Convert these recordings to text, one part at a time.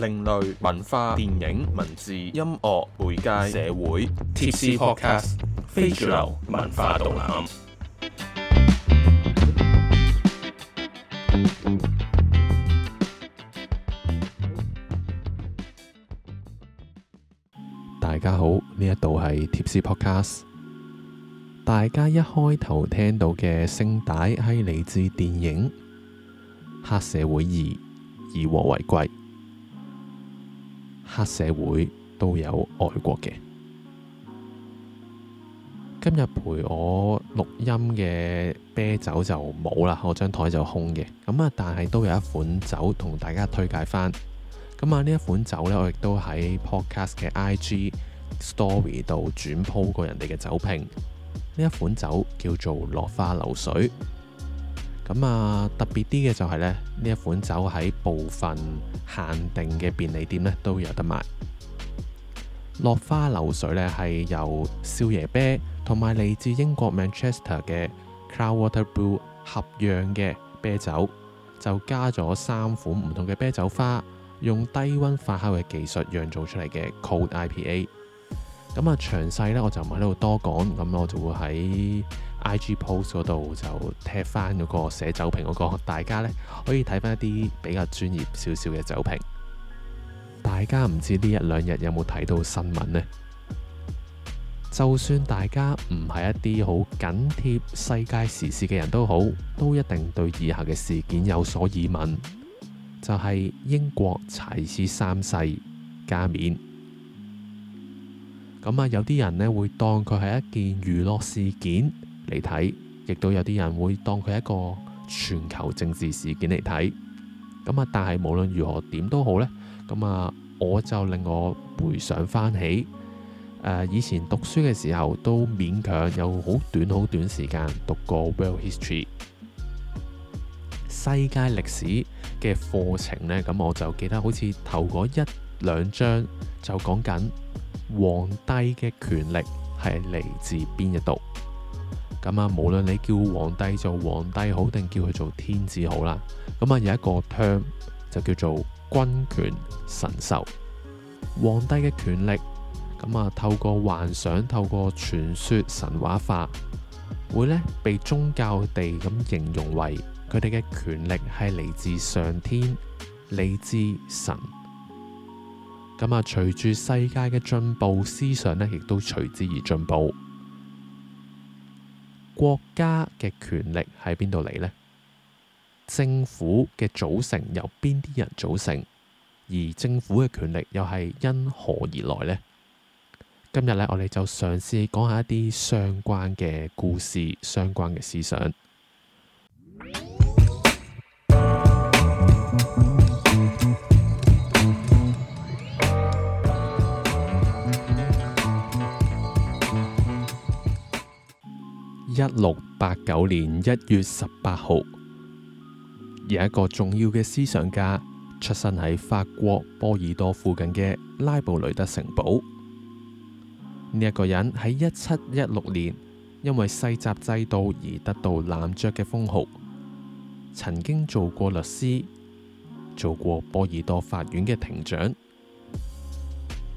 另類文化、電影、文字、音樂樂、媒介階、社會。Tipsy Podcast 非主流文化導覽。嗯嗯、大家好，呢一度係 Tipsy Podcast。大家一開頭聽到嘅聲帶係嚟自電影《黑社會二以和為貴》。黑社會都有愛國嘅。今日陪我錄音嘅啤酒就冇啦，我張枱就空嘅。咁啊，但係都有一款酒同大家推介返。咁啊，呢一款酒呢，我亦都喺 Podcast 嘅 IG Story 度轉鋪過人哋嘅酒評。呢一款酒叫做落花流水。咁啊，特別啲嘅就係咧，呢一款酒喺部分限定嘅便利店咧都有得賣。落花流水咧係由少爺啤同埋嚟自英國 Manchester 嘅 Cloudwater Brew 合釀嘅啤酒，就加咗三款唔同嘅啤酒花，用低溫發酵嘅技術釀造出嚟嘅 Cold IPA。咁啊，詳細咧我就唔喺度多講，咁我就會喺。I G post 嗰度就踢翻嗰個寫酒評嗰個，大家咧可以睇翻一啲比較專業少少嘅酒評。大家唔知呢一兩日有冇睇到新聞呢？就算大家唔係一啲好緊貼世界時事嘅人都好，都一定對以下嘅事件有所耳聞，就係英國柴士三世加冕。咁啊，有啲人咧會當佢係一件娛樂事件。嚟睇，亦都有啲人會當佢一個全球政治事件嚟睇。咁啊，但係無論如何點都好呢，咁啊，我就令我回想翻起以前讀書嘅時候都勉強有好短好短時間讀過 World History 世界歷史嘅課程呢。咁我就記得好似頭嗰一兩章就講緊皇帝嘅權力係嚟自邊一度。咁啊，無論你叫皇帝做皇帝好，定叫佢做天子好啦。咁啊，有一個 term 就叫做君權神授，皇帝嘅權力，咁啊透過幻想、透過傳説、神話化，會呢被宗教地咁形容為佢哋嘅權力係嚟自上天、嚟自神。咁啊，隨住世界嘅進步，思想呢亦都隨之而進步。國家嘅權力喺邊度嚟呢？政府嘅組成由邊啲人組成？而政府嘅權力又係因何而來呢？今日咧，我哋就嘗試講下一啲相關嘅故事、相關嘅思想。一六八九年一月十八號，有一個重要嘅思想家出生喺法國波爾多附近嘅拉布雷德城堡。呢、這、一個人喺一七一六年因為世襲制度而得到男爵嘅封號，曾經做過律師，做過波爾多法院嘅庭長。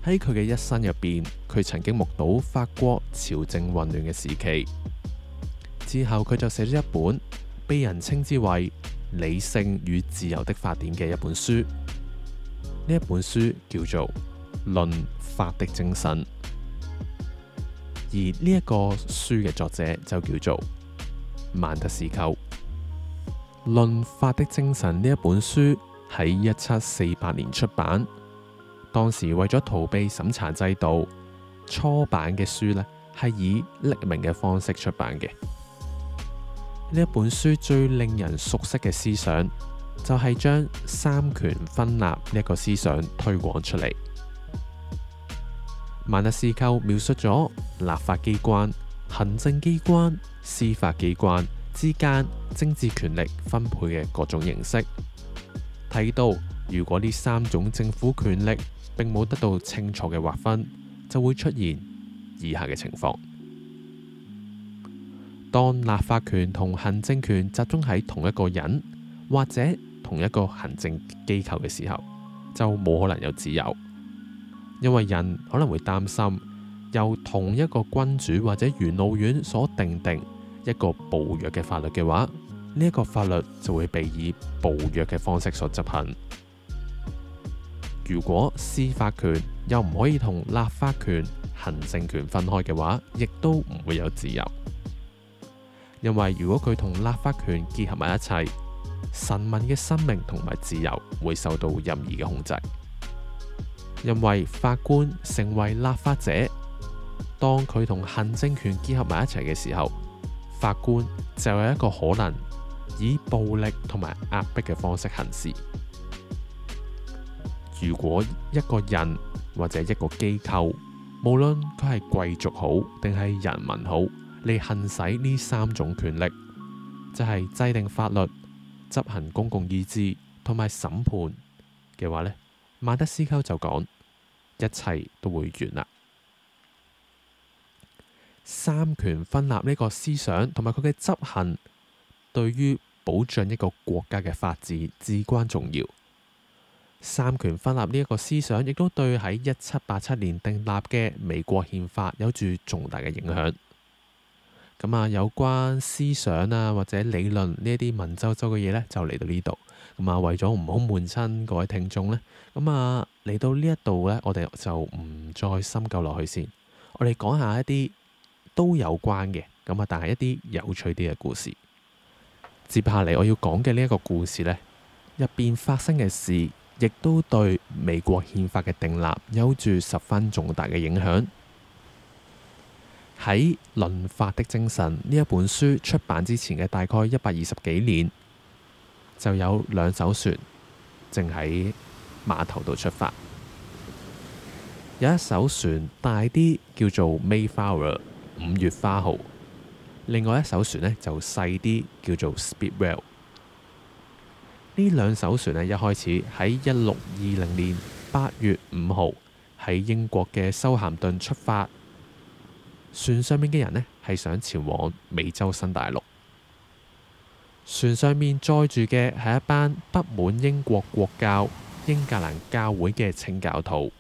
喺佢嘅一生入邊，佢曾經目睹法國朝政混亂嘅時期。之後佢就寫咗一本被人稱之為理性與自由的法典嘅一本書。呢一本書叫做《論法的精神》，而呢一個書嘅作者就叫做孟德斯鳩。《論法的精神》呢一本書喺一七四八年出版。當時為咗逃避審查制度，初版嘅書呢係以匿名嘅方式出版嘅。呢一本書最令人熟悉嘅思想，就係將三權分立呢一個思想推廣出嚟。孟德斯鳩描述咗立法機關、行政機關、司法機關之間政治權力分配嘅各種形式，提到如果呢三種政府權力並冇得到清楚嘅劃分，就會出現以下嘅情況。當立法權同行政權集中喺同一個人或者同一個行政機構嘅時候，就冇可能有自由，因為人可能會擔心由同一個君主或者元老院所定定一個暴虐嘅法律嘅話，呢一個法律就會被以暴虐嘅方式所執行。如果司法權又唔可以同立法權、行政權分開嘅話，亦都唔會有自由。因為如果佢同立法權結合埋一齊，臣民嘅生命同埋自由會受到任意嘅控制，因為法官成為立法者。當佢同行政權結合埋一齊嘅時候，法官就有一個可能以暴力同埋壓迫嘅方式行事。如果一個人或者一個機構，無論佢係貴族好定係人民好，你行使呢三種權力，就係制定法律、執行公共意志同埋審判嘅話呢，孟德斯鳩就講，一切都會完啦。三權分立呢個思想同埋佢嘅執行，對於保障一個國家嘅法治至關重要。三權分立呢一個思想，亦都對喺一七八七年訂立嘅美國憲法有住重大嘅影響。咁啊，有關思想啊，或者理論呢一啲文縐縐嘅嘢呢，就嚟到呢度。咁啊，為咗唔好悶親各位聽眾呢，咁啊嚟到呢一度呢，我哋就唔再深究落去先。我哋講下一啲都有關嘅，咁啊，但係一啲有趣啲嘅故事。接下嚟我要講嘅呢一個故事呢，入邊發生嘅事，亦都對美國憲法嘅定立有住十分重大嘅影響。喺《論法的精神》呢一本書出版之前嘅大概一百二十幾年，就有兩艘船正喺碼頭度出發。有一艘船大啲，叫做 Mayflower（ 五月花號）；另外一艘船呢就細啲，叫做 Speedwell。呢兩艘船呢，一開始喺一六二零年八月五號喺英國嘅修咸頓出發。船上面嘅人呢，係想前往美洲新大陸。船上面載住嘅係一班不滿英國國教、英格蘭教會嘅清教徒。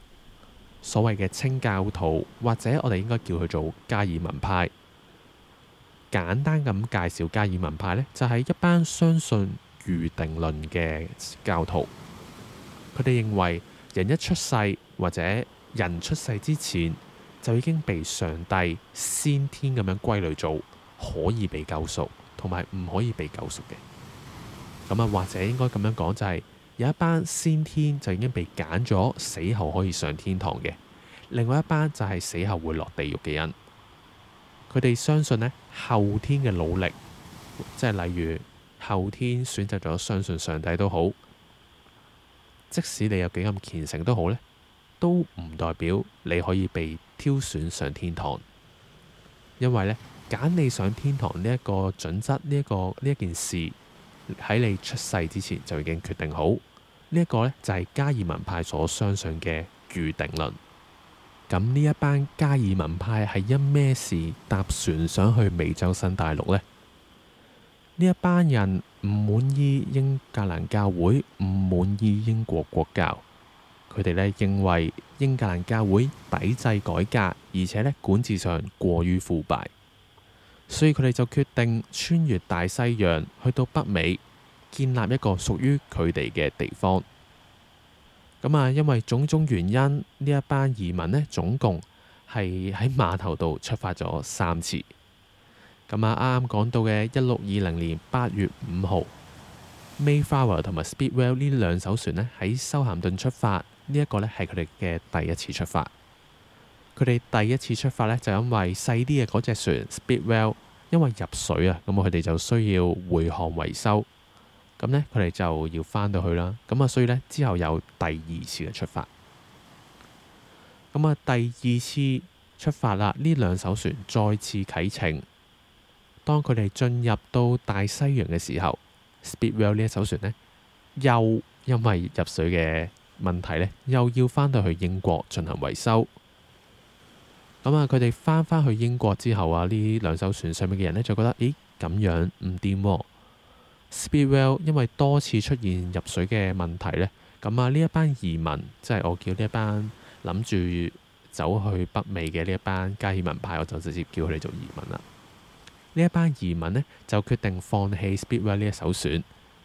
所謂嘅清教徒，或者我哋應該叫佢做加爾文派。簡單咁介紹加爾文派呢，就係一班相信預定論嘅教徒。佢哋認為人一出世或者人出世之前。就已經被上帝先天咁樣歸類做可以被救贖，同埋唔可以被救贖嘅。咁啊，或者應該咁樣講，就係有一班先天就已經被揀咗，死後可以上天堂嘅，另外一班就係死後會落地獄嘅人。佢哋相信呢，後天嘅努力，即係例如後天選擇咗相信上帝都好，即使你有幾咁虔誠都好呢，都唔代表你可以被挑選上天堂，因為咧揀你上天堂呢一個準則呢一、呢一個呢一件事喺你出世之前就已經決定好。呢一個、呢一個咧就係、係、加爾文派所相信嘅預定論。咁呢一班加爾文派係因咩事搭船上去美洲新大陸咧？呢一班人唔滿意英格蘭教會，唔滿意英國國教。佢哋呢認為英格蘭教會抵制改革，而且呢管治上過於腐敗，所以佢哋就決定穿越大西洋去到北美，建立一個屬於佢哋嘅地方。咁啊，因為種種原因，呢一班移民呢總共係喺碼頭度出發咗三次。咁啊，啱啱講到嘅一六二零年八月五號，Mayflower 同埋 Speedwell 呢兩艘船呢喺修咸頓出發。呢一個咧係佢哋嘅第一次出發。佢哋第一次出發呢，就因為細啲嘅嗰隻船 Speedwell 因為入水啊，咁佢哋就需要回航維修。咁呢，佢哋就要返到去啦。咁啊，所以呢，之後有第二次嘅出發。咁啊，第二次出發啦，呢兩艘船再次啟程。當佢哋進入到大西洋嘅時候，Speedwell 呢一艘船呢，又因為入水嘅問題呢，又要返到去英國進行維修。咁啊，佢哋返返去英國之後啊，呢兩艘船上面嘅人呢，就覺得，咦咁樣唔掂。Speedwell 因為多次出現入水嘅問題呢。咁啊呢一班移民即係、就是、我叫呢一班諗住走去北美嘅呢一班加爾文派，我就直接叫佢哋做移民啦。呢一班移民呢，就決定放棄 Speedwell 呢一艘船，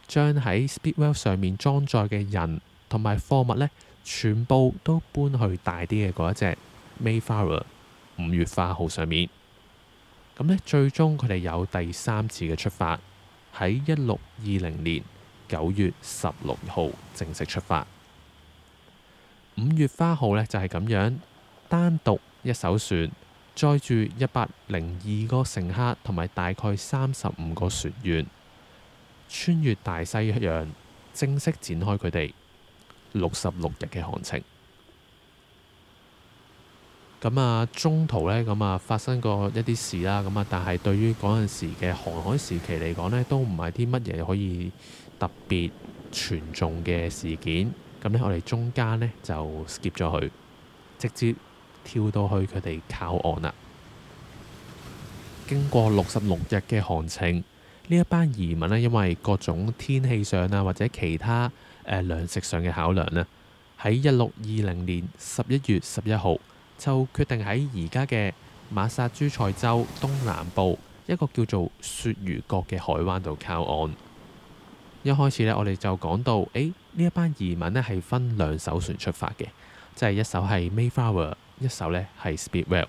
將喺 Speedwell 上面裝載嘅人，同埋貨物呢，全部都搬去大啲嘅嗰一隻 Mayflower 五月花號上面。咁呢，最終佢哋有第三次嘅出發，喺一六二零年九月十六號正式出發。五月花號呢，就係咁樣單獨一艘船，載住一百零二個乘客同埋大概三十五個船員，穿越大西洋，正式展開佢哋六十六日嘅行程，咁啊，中途呢，咁啊，發生過一啲事啦。咁啊，但係對於嗰陣時嘅航海時期嚟講呢，都唔係啲乜嘢可以特別傳眾嘅事件。咁呢，我哋中間呢，就 skip 咗佢，直接跳到去佢哋靠岸啦。經過六十六日嘅航程，呢一班移民呢，因為各種天氣上啊，或者其他，誒、呃、糧食上嘅考量咧，喺一六二零年十一月十一號，就決定喺而家嘅馬薩諸塞州東南部一個叫做鱈魚角嘅海灣度靠岸。一開始呢，我哋就講到，誒呢一班移民咧係分兩艘船出發嘅，即係一艘係 Mayflower，一艘呢係 Speedwell。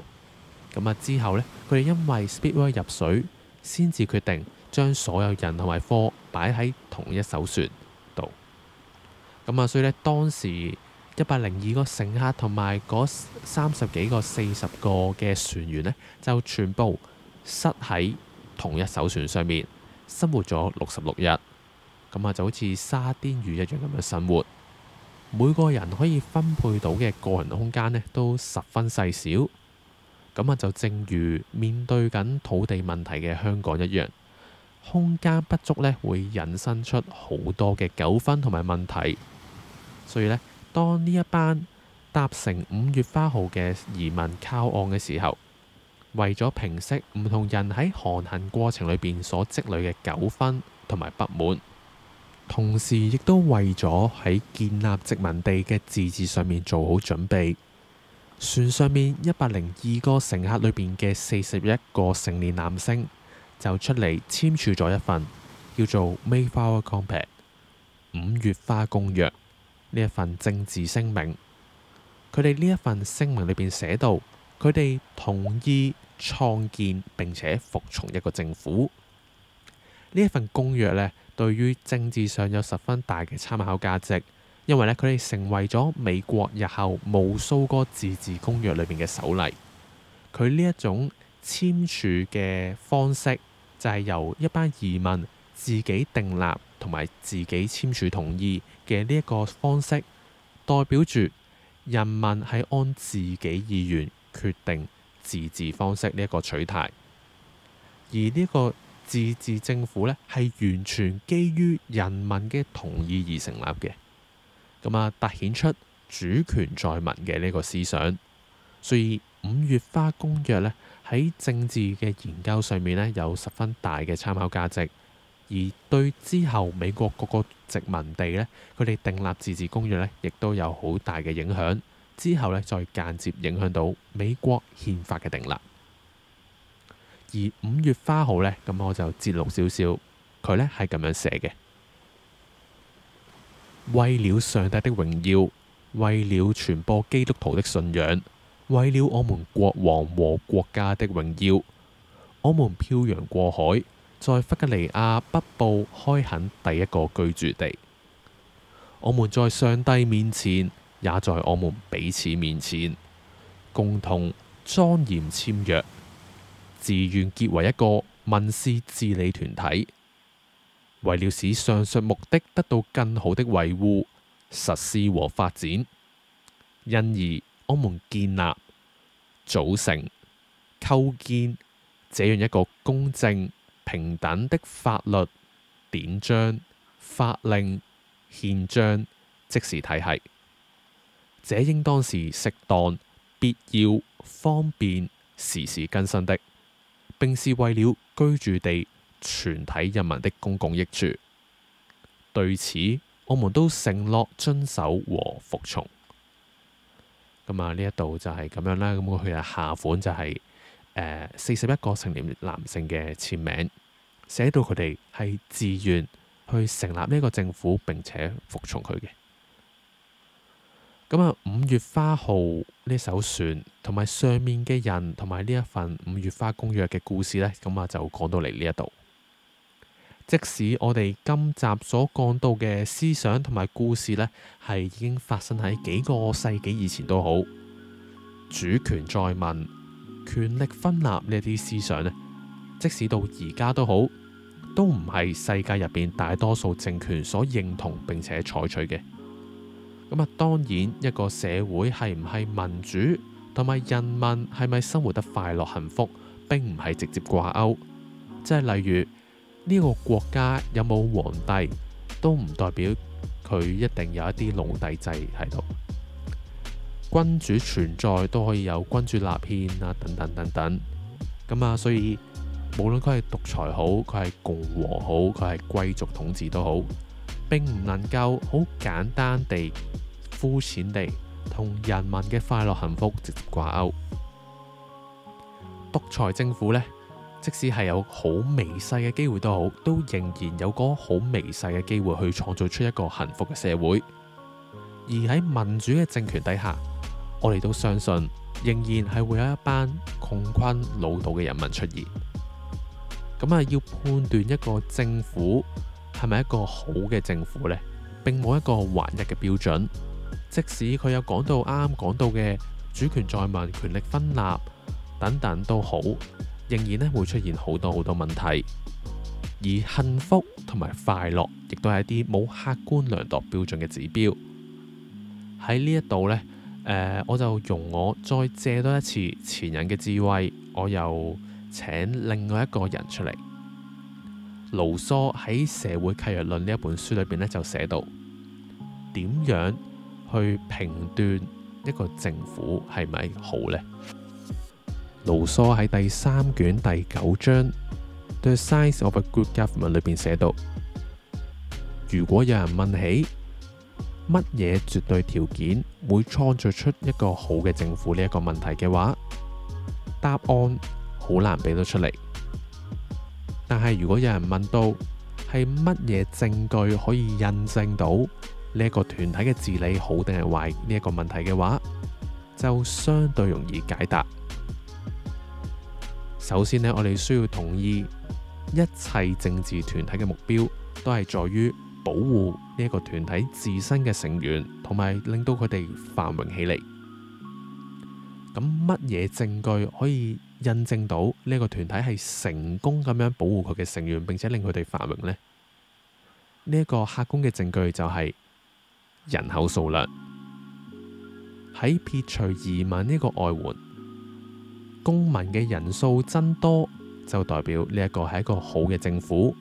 咁啊、well，之後呢，佢哋因為 Speedwell 入水，先至決定將所有人同埋貨擺喺同一艘船。咁啊，所以咧，當時一百零二個乘客同埋嗰三十幾個四十個嘅船員咧，就全部塞喺同一艘船上面生活咗六十六日。咁啊，就好似沙甸魚一樣咁樣生活，每個人可以分配到嘅個人空間咧都十分細小。咁啊，就正如面對緊土地問題嘅香港一樣，空間不足咧會引申出好多嘅糾紛同埋問題。所以呢，當呢一班搭乘五月花號嘅移民靠岸嘅時候，為咗平息唔同人喺航行過程裏邊所積累嘅糾紛同埋不滿，同時亦都為咗喺建立殖民地嘅自治上面做好準備，船上面一百零二個乘客裏邊嘅四十一個成年男性就出嚟簽署咗一份叫做《Mayflower Compact》五月花公約。呢一份政治聲明，佢哋呢一份聲明裏邊寫到，佢哋同意創建並且服從一個政府。呢一份公約呢，對於政治上有十分大嘅參考價值，因為呢，佢哋成為咗美國日後無數個自治公約裏面嘅首例。佢呢一種簽署嘅方式，就係由一班移民自己訂立同埋自己簽署同意。嘅呢一個方式，代表住人民係按自己意願決定自治方式呢一個取態，而呢個自治政府咧係完全基於人民嘅同意而成立嘅，咁啊凸顯出主權在民嘅呢個思想，所以《五月花公約》咧喺政治嘅研究上面咧有十分大嘅參考價值。而對之後美國各個殖民地呢，佢哋訂立自治公約呢，亦都有好大嘅影響。之後呢，再間接影響到美國憲法嘅訂立。而五月花號呢，咁我就節錄少少，佢呢係咁樣寫嘅：「為了上帝的榮耀，為了傳播基督徒的信仰，為了我們國王和國家的榮耀，我們漂洋過海。」在弗吉尼亞北部開墾第一個居住地。我們在上帝面前，也在我們彼此面前，共同莊嚴簽約，自願結為一個民事治理團體，為了使上述目的得到更好的維護、實施和發展，因而我們建立、組成、構建這樣一個公正、平等的法律典章、法令、憲章即時體系，這應當是適當、必要、方便、時時更新的，並是為了居住地全體人民的公共益處。對此，我們都承諾遵守和服從。咁、嗯、啊，呢一度就係咁樣啦。咁佢啊下款就係、是。誒四十一個成年男性嘅簽名，寫到佢哋係自願去成立呢個政府並且服從佢嘅。咁、嗯、啊，五月花號呢艘船同埋上面嘅人同埋呢一份五月花公約嘅故事呢，咁、嗯、啊就講到嚟呢一度。即使我哋今集所講到嘅思想同埋故事呢，係已經發生喺幾個世紀以前都好，主權在民。權力分立呢啲思想咧，即使到而家都好，都唔係世界入邊大多數政權所認同並且採取嘅。咁啊，當然一個社會係唔係民主同埋人民係咪生活得快樂幸福，並唔係直接掛鈎。即係例如呢個國家有冇皇帝，都唔代表佢一定有一啲奴隸制喺度。君主存在都可以有君主立憲啊，等等等等咁啊。所以無論佢係獨裁好，佢係共和好，佢係貴族統治都好，並唔能夠好簡單地、膚淺地同人民嘅快樂幸福直接掛鈎。獨裁政府咧，即使係有好微細嘅機會都好，都仍然有個好微細嘅機會去創造出一個幸福嘅社會。而喺民主嘅政權底下，我哋都相信，仍然係會有一班窮困潦倒嘅人民出現。咁啊，要判斷一個政府係咪一個好嘅政府咧，並冇一個劃一嘅標準。即使佢有講到啱啱講到嘅主權在民、權力分立等等都好，仍然咧會出現好多好多問題。而幸福同埋快樂，亦都係一啲冇客觀量度標準嘅指標。喺呢一度咧。誒，uh，我就容我再借多一次前人嘅智慧，我又請另外一個人出嚟。盧梭喺《社會契約論》呢一本書裏邊咧，就寫到點樣去評斷一個政府係咪好呢？盧梭喺第三卷第九章《The Size of a Good Government》裏邊寫到，如果有人問起。乜嘢絕對條件會創造出一個好嘅政府呢一個問題嘅話，答案好難俾到出嚟。但係如果有人問到係乜嘢證據可以印證到呢一個團體嘅治理好定係壞呢一個問題嘅話，就相對容易解答。首先呢，我哋需要同意一切政治團體嘅目標都係在於。保護呢一個團體自身嘅成員，同埋令到佢哋繁榮起嚟。咁乜嘢證據可以印證到呢一個團體係成功咁樣保護佢嘅成員，並且令佢哋繁榮呢？呢一個客觀嘅證據就係人口數量。喺撇除移民呢個外援，公民嘅人數增多，就代表呢一個係一個好嘅政府。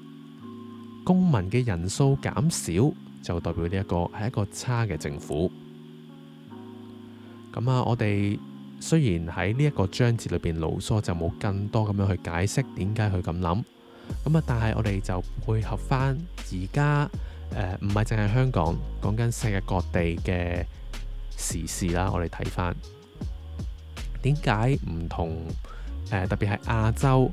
公民嘅人數減少，就代表呢一個係一個差嘅政府。咁啊，我哋雖然喺呢一個章節裏邊盧梭，就冇更多咁樣去解釋點解佢咁諗。咁啊，但係我哋就配合翻而家呃、唔係淨係香港講緊世界各地嘅時事啦。我哋睇翻點解唔同、呃、特別係亞洲。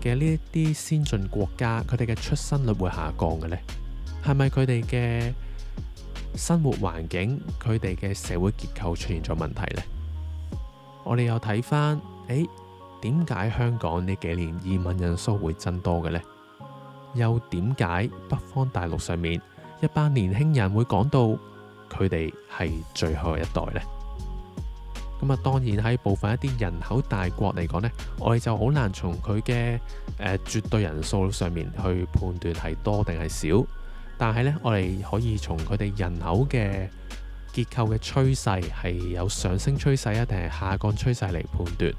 嘅呢一啲先進國家，佢哋嘅出生率會下降嘅呢，係咪佢哋嘅生活環境、佢哋嘅社會結構出現咗問題呢？我哋又睇翻，誒點解香港呢幾年移民人數會增多嘅呢？又點解北方大陸上面一班年輕人會講到佢哋係最後一代呢？咁啊，當然喺部分一啲人口大國嚟講呢，我哋就好難從佢嘅誒絕對人數上面去判斷係多定係少。但係呢，我哋可以從佢哋人口嘅結構嘅趨勢係有上升趨勢啊，定係下降趨勢嚟判斷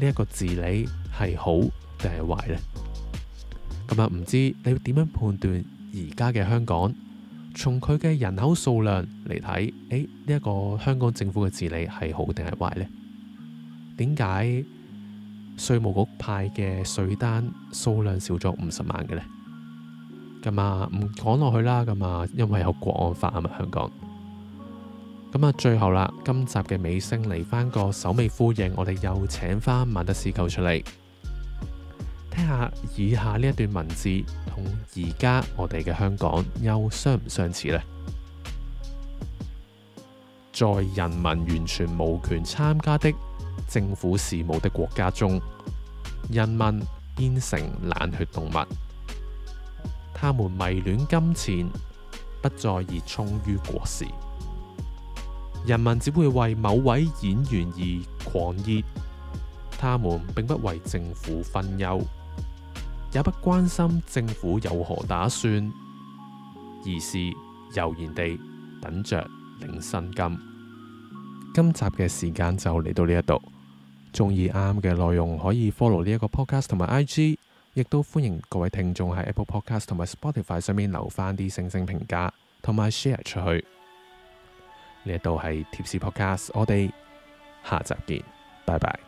呢一個治理係好定係壞呢。咁、嗯、啊，唔知你要點樣判斷而家嘅香港？從佢嘅人口數量嚟睇，誒呢一、這個香港政府嘅治理係好定係壞呢？點解稅務局派嘅稅單數量少咗五十萬嘅呢？咁、嗯、啊，唔講落去啦，咁、嗯、啊，因為有國安法啊嘛，香港咁啊、嗯嗯，最後啦，今集嘅尾聲嚟翻個首尾呼應，我哋又請翻孟德斯鳩出嚟。睇下以下呢一段文字，同而家我哋嘅香港又相唔相似呢？在人民完全無權參加的政府事務的國家中，人民變成冷血動物，他們迷戀金錢，不再熱衷於國事。人民只會為某位演員而狂熱，他們並不為政府分憂。也不關心政府有何打算，而是悠然地等着領薪金。今集嘅時間就嚟到呢一度，中意啱嘅內容可以 follow 呢一個 podcast 同埋 IG，亦都歡迎各位聽眾喺 Apple Podcast 同埋 Spotify 上面留返啲星星評價同埋 share 出去。呢一度係貼士 podcast，我哋下集見，拜拜。